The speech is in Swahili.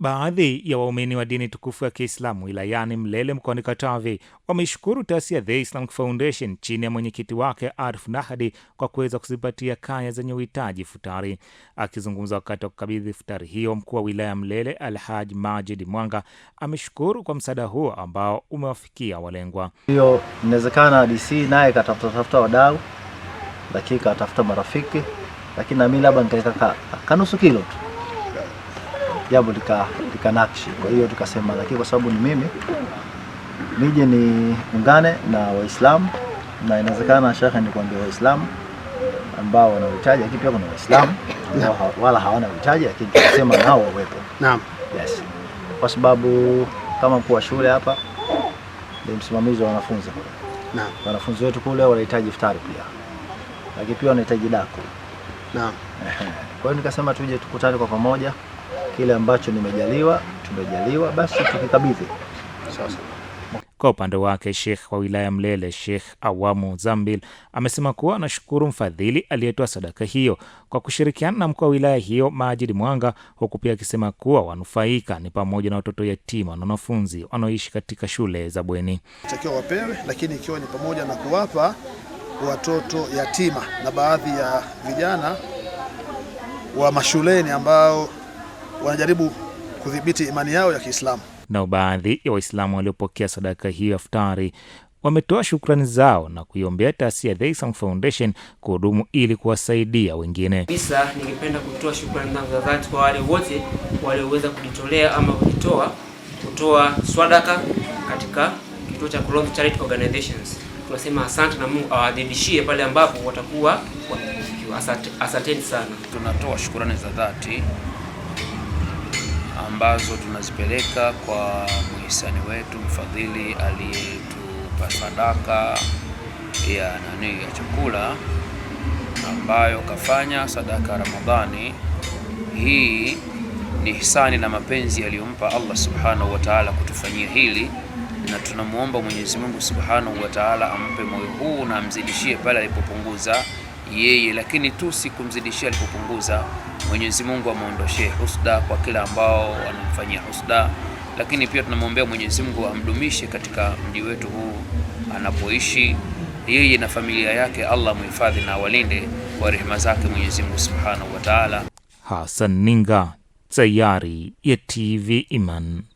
Baadhi ya waumini wa dini tukufu ya Kiislamu wilayani Mlele mkoani Katavi wameshukuru taasisi ya The Islamic Foundation chini ya mwenyekiti wake Arif Nahdi kwa kuweza kuzipatia kaya zenye uhitaji futari. Akizungumza wakati wa kukabidhi futari hiyo, mkuu wa wilaya Mlele Alhaj Majid Mwanga ameshukuru kwa msaada huo ambao umewafikia walengwa. Hiyo inawezekana DC naye katafutatafuta wadau, lakini katafuta marafiki, lakini nami labda nikaweka kanusu kilo tu jambo likanakshi. Kwa hiyo tukasema, lakini kwa sababu ni mimi nije ungane na Waislamu na inawezekana shekhe ni kuambia Waislamu ambao wana uhitaji, lakini pia kuna Waislamu wala hawana uhitaji, lakini tunasema nao wawepo. Naam. Yes. Kwa sababu kama mkuu wa shule hapa ni msimamizi wa wanafunzi kule. Naam. Wanafunzi wetu kule wanahitaji iftari pia, lakini pia wanahitaji daku. Naam. Kwa hiyo nikasema tuje tukutane kwa pamoja kile ambacho nimejaliwa tumejaliwa, basi tukikabidhi sasa. Kwa upande wake Sheikh wa wilaya Mlele, Sheikh Awamu Zambil amesema kuwa anashukuru mfadhili aliyetoa sadaka hiyo kwa kushirikiana na mkuu wa wilaya hiyo Majid Mwanga, huku pia akisema kuwa wanufaika ni pamoja na watoto yatima na wanafunzi wanaoishi katika shule za bweni takiwa wapewe, lakini ikiwa ni pamoja na kuwapa watoto yatima na baadhi ya vijana wa mashuleni ambao wanajaribu kudhibiti imani yao ya Kiislamu. Nao baadhi ya Waislamu waliopokea sadaka hiyo ya iftari wametoa shukrani zao na kuiombea taasisi ya The Foundation kuhudumu ili kuwasaidia wengine. Kabisa, ningependa kutoa shukrani zangu za dhati kwa wale wote walioweza kujitolea ama kujitoa kutoa swadaka katika kituo cha Charity Organizations. Tunasema asante na Mungu awadhibishie pale ambapo watakuwa wamefikiwa. Asanteni sana. Tunatoa shukrani za dhati ambazo tunazipeleka kwa muhisani wetu mfadhili aliyetupa sadaka ya nani ya chakula ambayo kafanya sadaka ya Ramadhani. Hii ni hisani na mapenzi aliyompa Allah subhanahu wa ta'ala kutufanyia hili, na tunamwomba Mwenyezi Mungu subhanahu wa ta'ala ampe moyo huu na amzidishie pale alipopunguza yeye, lakini tu sikumzidishia alipopunguza. Mwenyezi Mungu amwondoshee husda kwa kila ambao wanamfanyia husda, lakini pia tunamwombea Mwenyezi Mungu amdumishe katika mji wetu huu anapoishi yeye na familia yake. Allah muhifadhi na walinde kwa rehema zake Mwenyezi Mungu Subhanahu wa Ta'ala. Hassan Ninga, Sayari ya TV Iman.